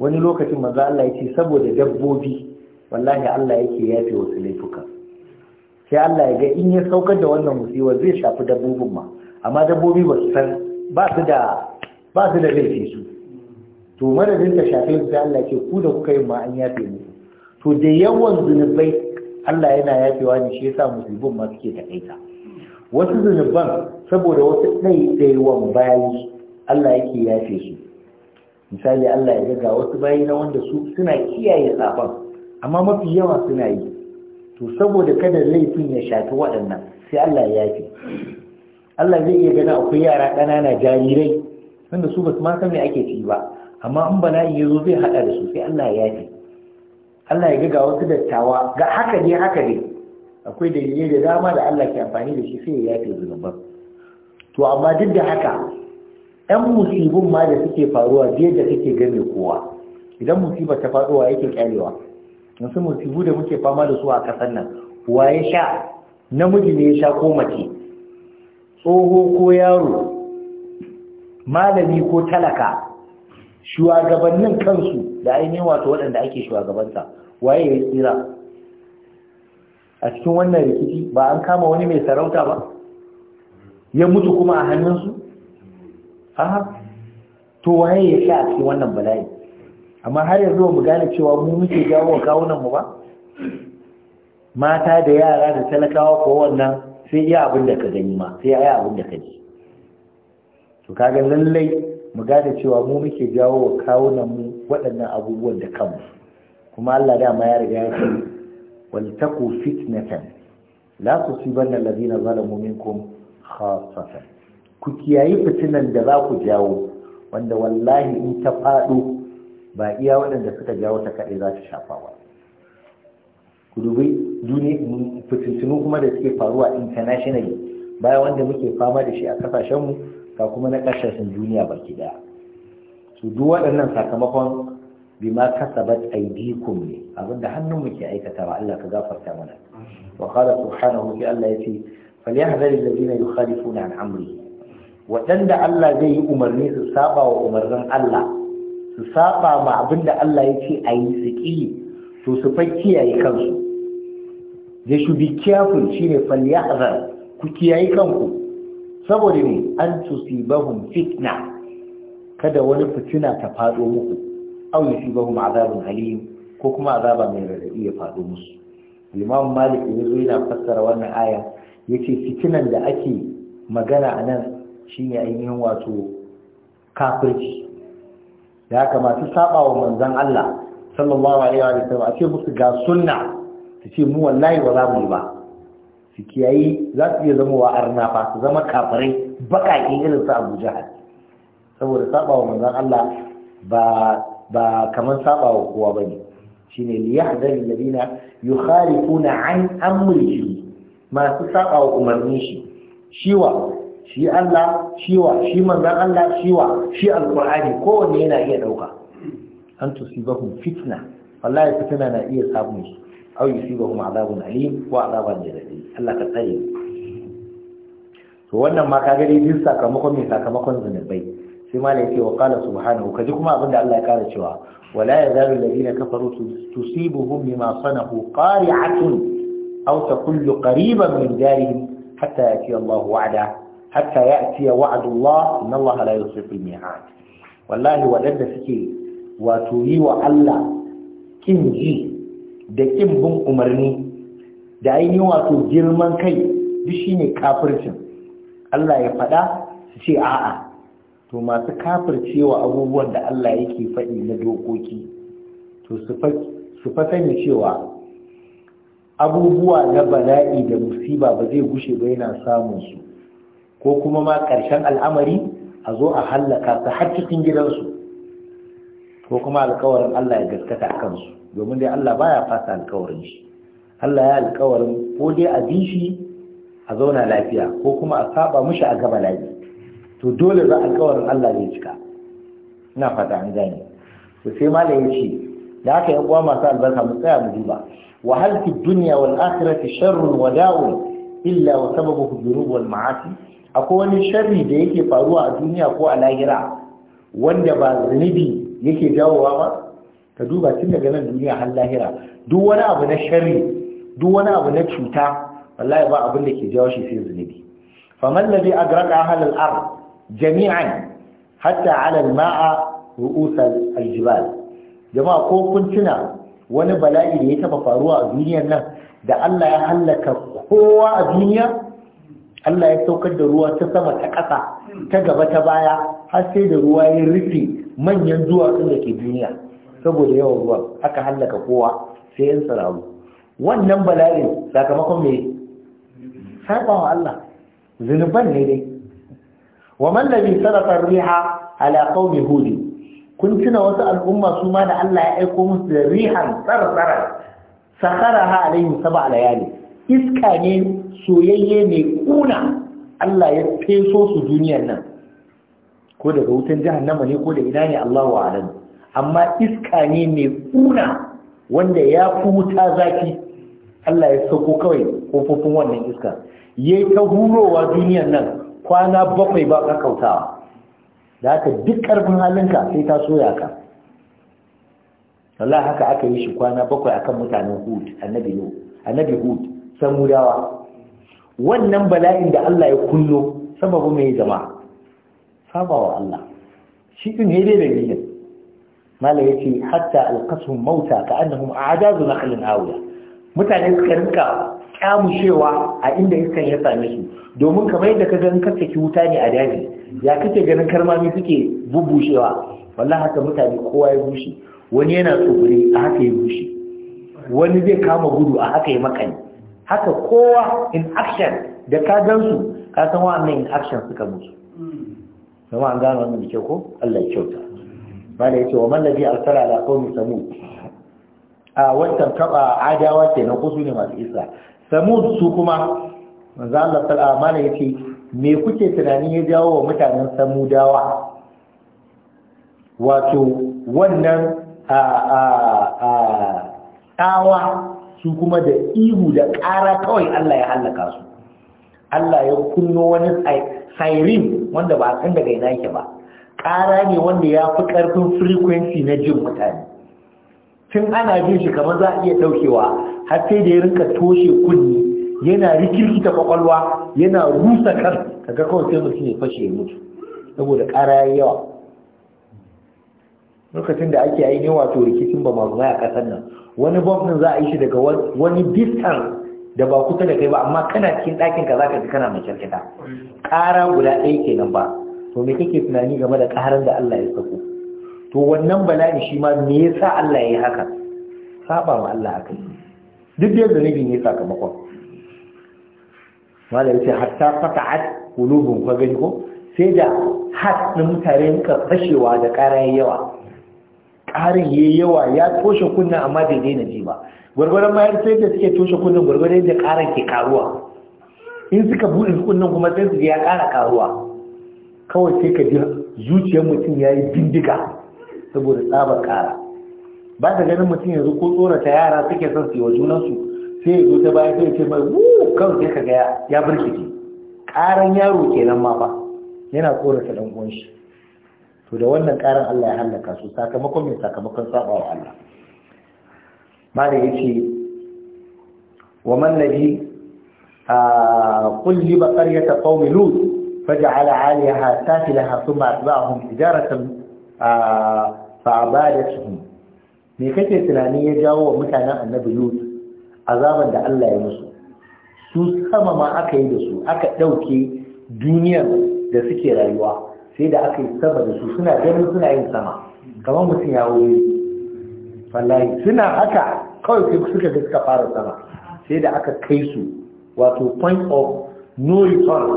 wani lokacin maza Allah ya ce saboda dabbobi wallahi Allah yake yafe wasu laifuka sai Allah ya ga in ya saukar da wannan musiwa zai shafi dabbobin ma amma dabbobi ba su san ba su da laifin su to madadin ta shafe su sai Allah ce ku da kuka yi ma an yafe musu? to da yawan zunubai Allah yana yafewa ne shi ya sa musibin ma suke takaita wasu zunuban saboda wasu ɗaiɗaiwan bayi Allah yake yafe su misali Allah ya ga wasu bayi na wanda su suna kiyaye tsafan amma mafi yawa suna yi to saboda kada laifin ya shafi waɗannan sai Allah ya yafe Allah zai iya gana akwai yara ƙanana jarirai wanda su basu ma san me ake ci ba amma in bana yi zo zai haɗa da su sai Allah ya yafe Allah ya ga wasu dattawa ga haka ne haka ne akwai dalilai da dama da Allah ke amfani da shi sai ya yafe zunuban to amma duk da haka ɗan musibin ma da suke faruwa biyar da suke gane kowa idan musiba ta faruwa yake kyalewa wasu musibu da muke fama da su a ƙasar nan wa ya sha namiji ne ya sha ko mace tsoho ko yaro malami ko talaka shugabannin kansu da ainihin wato waɗanda ake shugabanta waye ya tsira a cikin wannan rikici ba an kama wani mai sarauta ba ya mutu kuma a hannunsu Aha, to waye ya sha a cikin wannan bala'i amma har yanzu mu gane cewa mu muke jawo kawunan mu ba mata da yara da talakawa ko wannan sai iya abin da ka gani ma sai iya abin da ka ji to kaga lalle mu gane cewa mu muke jawo wa kawunan mu waɗannan abubuwan da kanmu kuma Allah da ma ya riga ya ce wal taqu fitnatan la tusibanna alladhina zalamu minkum khassatan ku kiyayi fitinan da za ku jawo wanda wallahi in ta faɗo ba iya waɗanda suka jawo ta kaɗai za ta shafa ba ku dubi fitintunu kuma da suke faruwa internationally bayan wanda muke fama da shi a kasashenmu ga kuma na ƙasashen duniya baki daya su duk waɗannan sakamakon bima kasabat aydikum ne da hannun muke aikata wa Allah ka gafarta mana wa qala subhanahu wa ta'ala yace falyahdhar alladhina yukhalifuna an amri waɗanda Allah zai yi umarni su saba wa umarnin Allah su saba ma abin da Allah ya ce a yi su ƙi to su fa kiyaye kansu they should kiyafin careful shine falyahzar ku kiyaye kanku saboda ne an tusibahum fitna kada wani fitina ta faɗo muku aw yusibahum azabun alim ko kuma azaba mai radadi ya faɗo musu Imam Malik ne zo yana fassara wannan aya yace fitinan da ake magana anan shine ainihin wato kafirci ya kamata saba wa manzon Allah sallallahu alaihi wa sallam a ce musu ga sunna su ce mu wallahi ba za mu yi ba su kiyayi za su iya zama wa arna fa su zama kafirai baƙaƙen irin su Abu saboda saba wa manzon Allah ba ba kaman saba wa kowa bane shine liyahdari alladhina yukhalifuna an amrihi masu saba wa umarnin shi shiwa shi Allah shiwa shi manzan Allah shiwa shi Al'ƙur'ani! kowanne yana iya ɗauka an tusi ba tusibahum fitna wallahi fitna na iya samun su aw yusibahum azabun alim ko azaban jalali Allah ka tsare to wannan ma ka gari din sakamakon mai sakamakon zunubai sai ma yake wa qala subhanahu kaji kuma abinda Allah ya kara cewa wala yazalu alladhina kafaru tusibuhum bima sanahu qari'atun aw taqullu qariban min darihim hatta yati Allah wa'ada hatta ya'tiya wa'dullah inna Allah la yukhlifu al-mi'ad wallahi wadanda suke wato yi wa Allah kin ji da kin bin umarni da ainihin wato girman kai duk shine kafircin Allah ya faɗa su ce a'a to masu kafircewa abubuwan da Allah yake faɗi na dokoki to su fa sani cewa abubuwa na bala'i da musiba ba zai gushe ba yana samun su ko kuma ma ƙarshen al'amari a zo a hallaka su har cikin gidansu ko kuma alkawarin Allah ya gaskata a kansu domin dai Allah baya fasa alkawarin shi Allah ya alkawarin ko dai a bi shi a zauna lafiya ko kuma a saba mushi a gaba lafiya to dole za alkawarin Allah zai cika ina fata an gane to sai malam ya da haka yan uwa masu albarka mu tsaya mu duba wa hal fi dunya wal akhirati sharrun wa da'un illa wa sababuhu dhunub wal ma'asi akwai wani sharri da yake faruwa a duniya ko a lahira wanda ba zunubi yake jawowa ba ka duba tun daga nan duniya har lahira duk wani abu na sharri duk wani abu na cuta wallahi ba abin da ke jawo shi sai zunubi faman ladhi agraqa ahal al-ard jami'an hatta 'ala al-ma'a ru'us al-jibal jama'a ko kun tuna wani bala'i da ya taba faruwa a duniyar nan da Allah ya halaka kowa a duniya Allah ya saukar da ruwa ta sama ta ƙasa ta gaba ta baya har sai da ruwa ya rufe manyan duwatsun da ke duniya saboda yawan ruwan aka hallaka kowa sai yan wannan bala'in sakamakon me sabawa Allah zunuban ne dai wa man ladhi riha ala qaumi hud kun tuna wasu al'umma su ma da Allah ya aiko musu da rihan tsartsara sakaraha alaihim sab'a layali iska ne soyayye mai kuna Allah ya feso su duniyar nan ko daga wutan jahannama ne ko da ina ne Allahu a'lam amma iska ne mai kuna wanda ya fi wuta zafi Allah ya sauko kawai kofofin wannan iska yayi ta hurowa duniyar nan kwana bakwai ba ka kautawa da haka duk karfin halinka sai ta soya ka Allah haka aka yi shi kwana bakwai akan mutanen Hud a nabi Hud samudawa wannan bala'in da Allah ya kullo sababu mai zama. sabawa Allah shi din dai da ne mala yace hatta alqasum mauta ka annahum a'dazu naqlin awla mutane suka rinka kyamushewa a inda iskan ya same su domin kamar yadda ka ga in wuta ne a daji ya kace ganin karmami suke bubushewa wallahi haka mutane kowa ya bushe wani yana tsubure a haka ya bushe wani zai kama gudu a haka ya makani haka kowa in action da ka gansu ka san wa'annan in action suka mutu kuma an gano wannan da ko Allah ya kyauta bala yace wa man ladhi arsala ala qawmi samud a wannan kaba adawa ce na kusu ne masu isa samud su kuma manzo Allah ta amana yace me kuke tunani ya jawo wa mutanen samudawa wato wannan a a a tsawa su kuma da ihu da ƙara kawai Allah ya hallaka su Allah ya kunno wani siren wanda ba a san daga ina yake ba ƙara ne wanda ya fi ƙarfin frequency na jin mutane tun ana jin shi kamar za a iya ɗaukewa har sai da ya rinka toshe kunni yana rikirki ta kwakwalwa yana rusa kan kaga kawai sai mutum ya fashe ya mutu saboda ƙara ya yawa lokacin da ake ainihin wato rikicin ba ma a ƙasar nan wani bomb din za a yi shi daga wani distance da ba kusa da kai ba amma kana cikin ɗakin ka zaka ji kana mai kyarkita ƙara guda ɗaya kenan ba to me kake tunani game da ƙaran da Allah ya sako to wannan bala'i shi ma me yasa Allah ya yi haka saba ma Allah haka duk da yadda nabi ne sakamakon malam yace hatta fata'at qulubun fa gani ko sai da hat din mutane ka fashewa da ƙaran yawa ƙarin ya yi yawa ya toshe kunnen amma bai daina ji ba gwargwaron mayar sai da suke toshe kunnen gwargwaron da ƙarin ke karuwa in suka buɗe kunnen kuma sai su ya ƙara karuwa kawai sai ka ji zuciyar mutum ya yi bindiga saboda tsabar ƙara ba da ganin mutum yanzu ko tsorata yara suke son su yi wa junansu sai ya zo ta baya sai ya ce mai wuu kawai sai ka ga ya birkice ƙaran yaro kenan ma fa yana tsorata ɗan uwan shi to da wannan ƙarin Allah ya hallaka su sakamakon mai sakamakon saba wa Allah malai yace wa man ladhi قل بقرية قوم لوط فجعل عاليها سافلها rakan أتبعهم تجارة فعبادتهم me kake tunani ya jawo wa mutanen annabi Lut azaban da Allah ya musu su sama ma aka yi da su aka ɗauke duniyar da suke rayuwa sai da aka yi sama da su suna ganin suna yin sama kamar mutum ya wuri wallahi suna haka kawai sai suka ga suka fara sama sai da aka kai su wato point of no return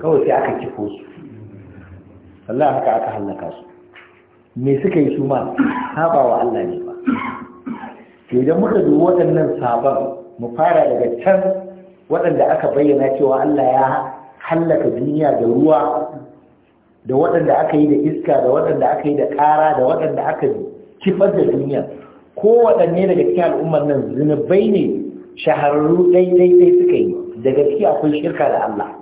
kawai sai aka kifo su wallahi haka aka hallaka su me suka yi su ma saba wa Allah ne ba to idan muka dubi waɗannan saban mu fara daga can waɗanda aka bayyana cewa Allah ya hallaka duniya da ruwa da waɗanda aka yi da iska da waɗanda aka yi da ƙara da waɗanda aka kifar da duniya ko waɗanne daga cikin al'ummar nan zunubai ne shahararru ɗaiɗaiɗai suka yi Da ciki akwai shirka da Allah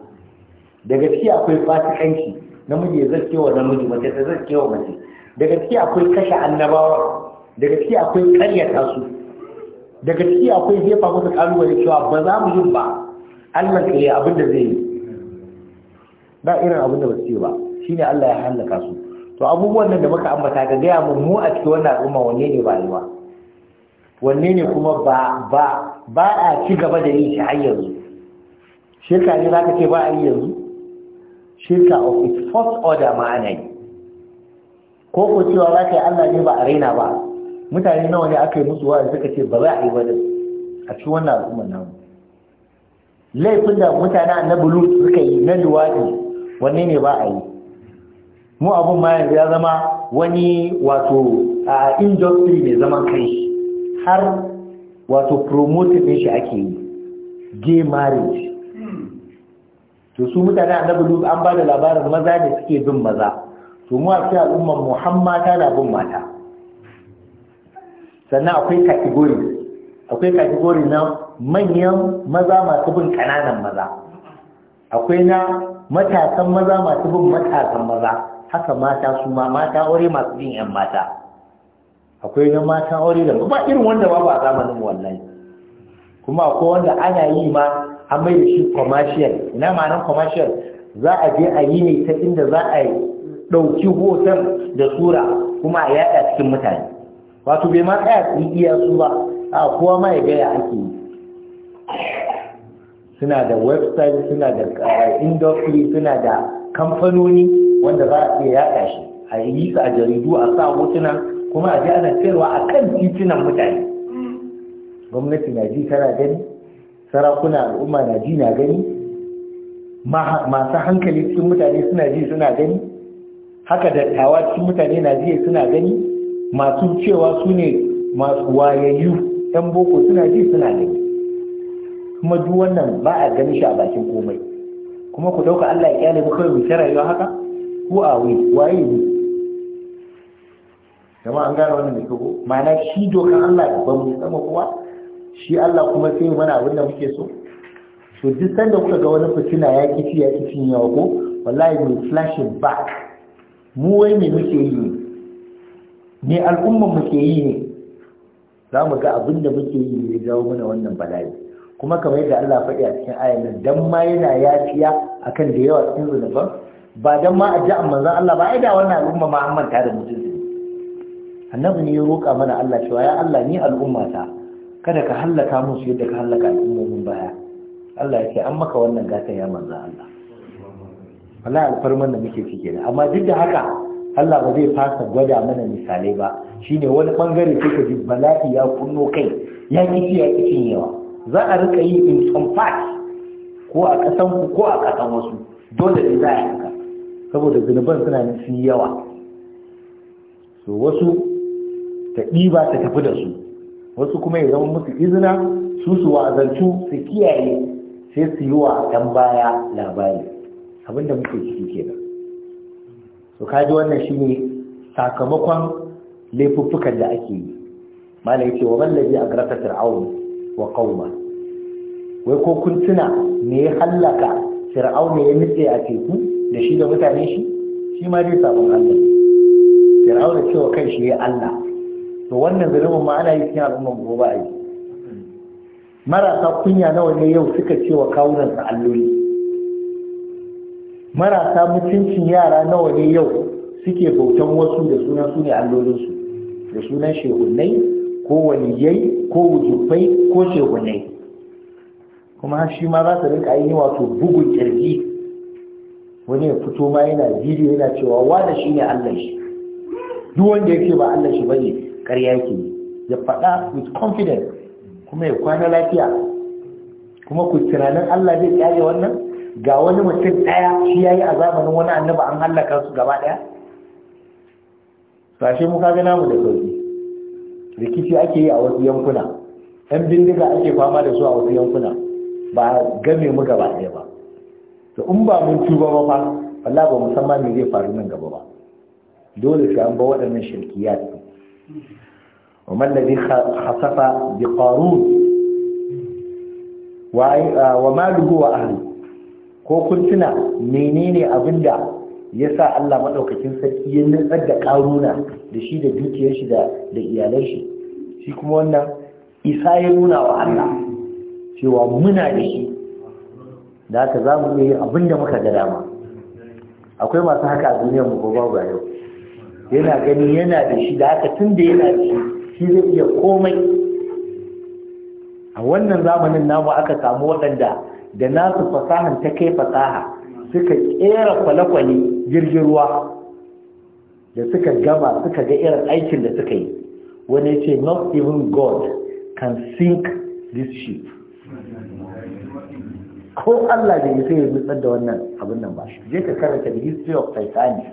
Da ciki akwai fasikanci namiji ya zarce wa namiji mace ta zarce wa mace daga ciki akwai kashe annabawa Da ciki akwai ƙaryata su daga ciki akwai jefa musu kalubale cewa ba za mu yi ba Allah ke abin da zai yi ba irin abin da ba su yi ba shine Allah ya halaka su to abubuwan nan da muka ambata ga gaya mu mu a cikin wannan al'umma wanne ne rayuwa wanne ne kuma ba ba ba a ci gaba da yin shi har yanzu shirka ne zaka ce ba a yi yanzu shirka of its first order ma'ana ne ko ko cewa za ka yi Allah ne ba a raina ba mutane nawa ne aka yi musu wa'azi suka ce ba za a yi wani a ci wannan na namu laifin da mutane annabi lut suka yi na luwadi wanne ne ba a yi mu abun ma yanzu ya zama wani wato a industry mai zaman kai har wato promoting din shi ake yi gay marriage to su mutane annabi Lut an ba da labarin maza ne suke bin maza to mu a cikin al'ummar Muhammad ta da bin mata sannan akwai category akwai category na manyan maza masu bin kananan maza akwai na matasan maza masu bin matasan maza haka mata su ma mata aure masu bin yan mata akwai yan mata aure da ba irin wanda ba ba zamanin wallahi kuma akwai wanda ana yi ma an mai da shi commercial ina ma'anar commercial za a je a yi ne ta inda za a ɗauki hoton da sura kuma a yaɗa cikin mutane wato bai ma tsaya su iya su ba a kowa ma ya gaya ake yi suna da website suna da eh, industry suna da kamfanoni wanda za a iya yaɗa shi a yi su a jaridu a sa hotuna kuma a ji ana sayarwa a kan titunan mutane gwamnati na ji tana gani sarakuna al'umma na ji na gani masu hankali cikin mutane suna ji suna gani haka tawa cikin mutane na ji suna gani masu cewa su ne masu wayayyu yan boko suna ji suna gani kuma duk wannan ba a gani shi a bakin komai kuma ku dauka Allah ya kyale mu kawai mu ta rayuwa haka ku a wai waye ne kuma an gane wannan da ko ma'ana shi dokan Allah ba mu sama kuwa shi Allah kuma sai mana abin da muke so to duk sanda kuka ga wani fitina ya kici ya kici ya ko wallahi mu flashing back mu wai me muke yi ne al'umma muke yi ne za mu ga abin da muke yi ne jawo mana wannan bala'i kuma kamar yadda Allah faɗi a cikin ayar nan dan ma yana yafiya akan da yawa cikin zunuban ba dan ma addu'a manzon Allah ba ai da wannan al'umma ma an ta da mutunci annabi ne ya roƙa mana Allah cewa ya Allah ni al'umma ta kada ka hallaka musu yadda ka hallaka al'ummomin baya Allah ya ce an maka wannan gatan ya manzon Allah Wala alfarman da muke cike da amma duk da haka Allah ba zai fasa gwada mana misalai ba shine wani bangare sai ka ji bala'i ya kunno kai ya kici ya kicin yawa za a rika yi in son ko a kasan ku ko a kasan wasu dole ne za a yi haka saboda zunuban suna da sun yawa so wasu ta ɗiba ta tafi da su wasu kuma ya zama musu izina su su wazancu su kiyaye sai su yi wa ɗan baya labari abinda muke ciki kenan so kaji wannan shine sakamakon laifuffukan da ake yi malai ce wa mallabi a garata fir'aun wa qauma wai ko kun tuna me ya hallaka fir'auna ya nutse a teku da shi da mutane shi shi ma dai sabon Allah fir'auna cewa kai shi ya Allah to wannan zalimin ma ana yi cikin al'umman gobe a yi marasa kunya nawa ne yau suka ce wa kawunansa alloli marasa mutuncin yara nawa ne yau suke bautan wasu da sunan su ne allolinsu da sunan shehunai ko waliyai ko wujufai ko shegunai kuma shi ma za su rinka yi wato bugun kirji wani ya fito ma yana bidiyo yana cewa wada shi ne allah shi duk wanda yake ba allah shi bane karya yake yi ya faɗa with confidence kuma ya kwana lafiya kuma ku tunanin allah zai tsaye wannan ga wani mutum ɗaya shi ya yi a zamanin wani annaba an hallaka su gaba ɗaya sashe mu gana mu da sauki rikici ake yi a wasu yankuna yan bindiga ake fama da su a wasu yankuna ba game mu gaba ɗaya ba to in ba mun tuba ba fa wallahi ba musamman me zai faru nan gaba ba dole sai an ba waɗannan shirkiyat qarun wa wa maluhu wa ahli ko kun tuna menene abinda ya sa Allah maɗaukakin sarki ya nutsar da ƙaruna da shi da dukiyar shi da iyalan shi shi kuma wannan isa ya nuna wa Allah cewa muna da shi da haka za mu yi abin da muka ga dama akwai masu haka a duniyar mu ba ba yau yana gani yana da shi da haka tun da yana da shi shi zai iya komai a wannan zamanin namu aka samu waɗanda da nasu fasahan ta kai fasaha suka kera kwale-kwale jirgin ruwa da suka gama suka ga irin aikin da suka yi wani ce not even god can sink this ship ko Allah da sai ya nutsar da wannan abin nan ba je ka karanta the history of titanic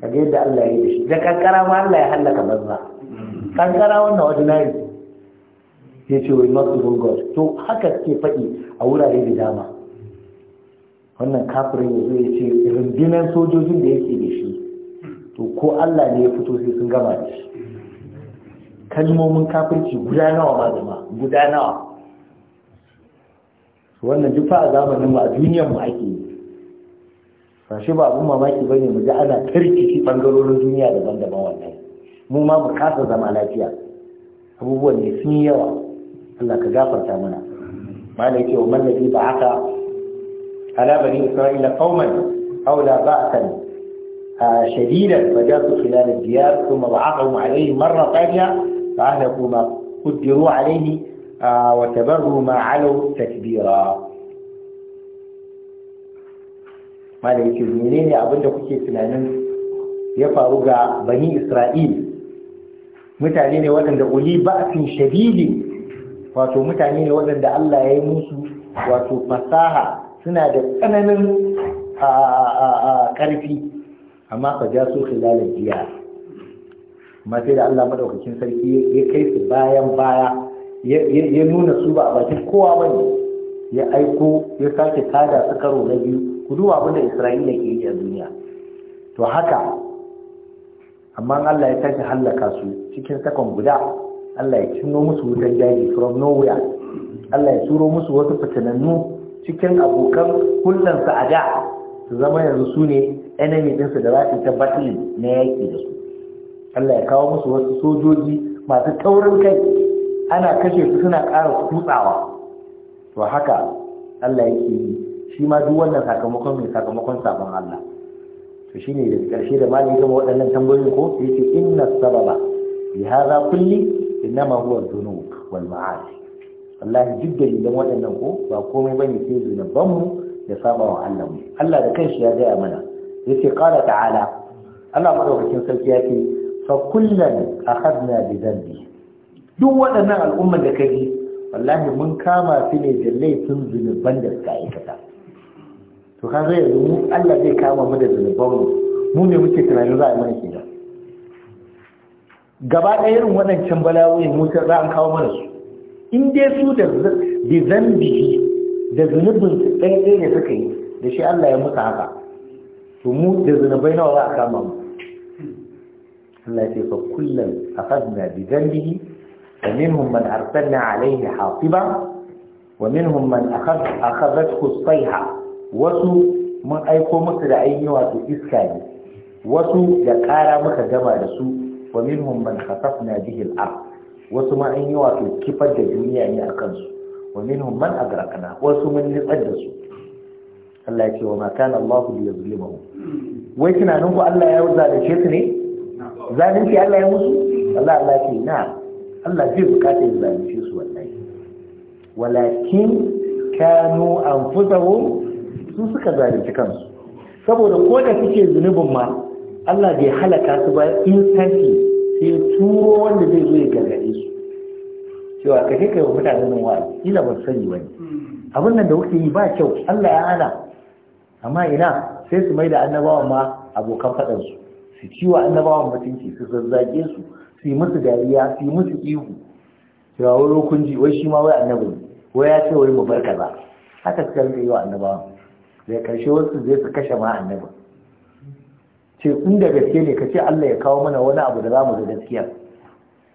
ka ga yadda Allah ya yi da shi da kankara ma Allah ya hallaka banza kankara wannan ordinary ya ce wai not even god to haka ke faɗi a wurare da dama wannan kafirin ya zo ya ce rundunar sojojin da yake da shi to ko Allah ne ya fito sai sun gama da shi kalmomin kafirci guda nawa ma zama guda nawa wannan duk fa a zamanin mu a duniyar mu ake yi ba shi ba abun mamaki ba mu muje ana tarkici bangarorin duniya daban-daban wannan mu ma mu kasa zama lafiya abubuwan ne sun yi yawa Allah ka gafarta mana da yake wa mallaki ba haka على بني إسرائيل قوما أو لا بأسا شديدا فجاسوا خلال الديار ثم ضعفهم عليهم مرة ثانية فأهلكوا ما قدروا عليه وتبروا ما علوا تكبيرا ما لك منين أبدا كنت tunanin ya faru ga bani Isra'il mutane ne waɗanda uli ba'asin shadidi wato mutane ne waɗanda Allah ya yi musu wato fasaha suna da tsananin ƙarfi amma ka ja su khilalar jiya amma sai da Allah maɗaukacin sarki ya kai su bayan baya ya nuna su ba a bakin kowa ba ne ya aiko ya sake tada su karo na biyu ku duba abin da Isra'ila ke yi a duniya to haka amma Allah ya sake hallaka su cikin sakon guda Allah ya cinno musu wutar daji from nowhere Allah ya turo musu wasu fitinannu cikin abokan hullansa a da su zama yanzu su ne enemy ɗinsu da za su ta battle na yaƙi da su Allah ya kawo musu wasu sojoji masu taurin kai ana kashe su suna ƙara kutsawa to haka Allah yake yi shi ma duk wannan sakamakon mai sakamakon sabon Allah to shine da ƙarshe da malami gama waɗannan tambayoyin ko yace inna sababa li hadha kulli innama huwa dhunub wal ma'asi wallahi duk dalilan waɗannan ko ba komai bane sai zunuban mu da saba wa Allah mu Allah da kanshi ya gaya mana Ya ce qala ta'ala Allah madaukakin sarki ya ce fa a akhadna bi dhanbi duk waɗannan al'umman da ka bi, wallahi mun kama su ne da laifin zunuban da suka aikata to kan zai yanzu Allah zai kama mu da zunuban mu mu ne muke tunanin za a mana kenan gaba ɗaya irin waɗancan bala'o'in mu za a kawo mana su in dai su da zambi da zunubin su ɗaya ne suka yi da shi Allah ya muka haka to mu da zunubai nawa za a kama mu Allah ya ce fa kullum akhadna bi zambihi wa minhum man arsalna alayhi hasiba wa minhum man akhadathu sayha wasu mun aiko musu da ainihi wato iska ne wasu da ƙara muka gama da su wa minhum man khasafna bihi al-ard wasu ma an yi wato kifar da duniya ne a kansu wa minhum a agrakana wasu mun nitsar da su Allah ya ce wa ma kana Allah bi yuzlimuhum wai tunanin ku Allah ya zalunce su ne zalunci Allah ya musu Allah Allah ce na Allah zai bukata ya zalunce su wallahi walakin kanu anfusahum su suka zalunci kansu saboda ko da suke zunubin ma Allah bai halaka su ba instantly sai ya turo wanda zai zo ya gargaɗe su cewa ka kai kai wa mutanen nan wa'azi kila ba sani ba ne abin nan da kuke yi ba kyau Allah ya hana amma ina sai su mai da annabawan ma abokan faɗansu su ciwa annabawan mutunci su zazzage su su yi musu dariya su yi musu ihu cewa wai ji, wai shi ma wai annabi wai ya ce wai mu bar kaza haka suka rika yi wa annabawan daga karshe wasu zai su kashe ma annabin ce in da gaske ne ka ce Allah ya kawo mana wani abu da za mu da gaskiya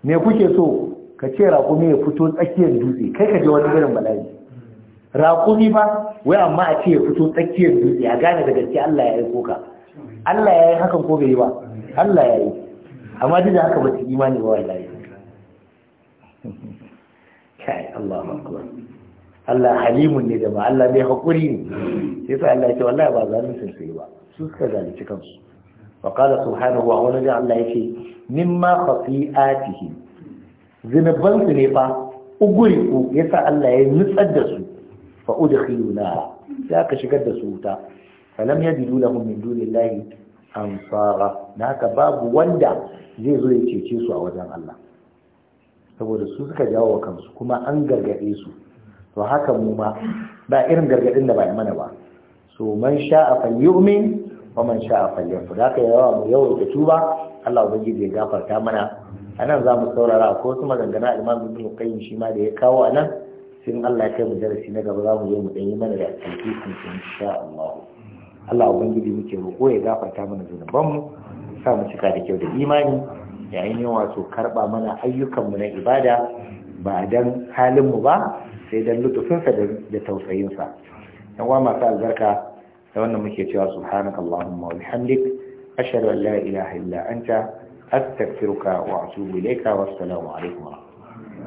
me kuke so ka ce raƙumi ya fito tsakiyar dutse kai ka je wani irin bala'i raƙumi ba wai amma a ce ya fito tsakiyar dutse a gane da gaske Allah ya aiko ka Allah ya yi hakan ko bai yi ba Allah ya yi amma duk da haka ba ta imani ba wallahi kai Allah akbar Allah halimun ne da ba Allah bai hakuri ne sai sa Allah ya ce wallahi ba sun sai ba su suka zalunci kansu faƙada subhanahu wa wani da Allah ya ce mimma khati'atihi zinuban su ne fa uguri ku yasa Allah ya nutsar da su fa udkhilu nar sai aka shigar da su wuta falam yajidu lahum min dunillahi ansara Na haka babu wanda zai zo ya cece su a wajen Allah saboda su suka jawo wa kansu kuma an gargaɗe su to haka mu ma ba irin gargaɗin da ba mana ba so man sha'a falyu'min sha a sha'a falyafur haka yawa mu yau da tuba Allah ubangiji ya gafarta mana anan za mu saurara ko su maganganu Imam Ibn Qayyim shi ma da ya kawo anan sun Allah ya kai mu darasi na gaba za mu yi mu dan yi mana da alƙiƙin sha Allah Allah ubangiji muke roƙo ya gafarta mana zunuban mu sa mu cika da kyau da imani yayin yin wato karɓa mana ayyukan mu na ibada ba dan halin mu ba sai dan lutufinsa da tausayinsa yan wa masu albarka da wannan muke cewa subhanakallahumma wa bihamdik ashhadu an la ilaha illa anta astaghfiruka wa atubu ilayka wa assalamu alaikum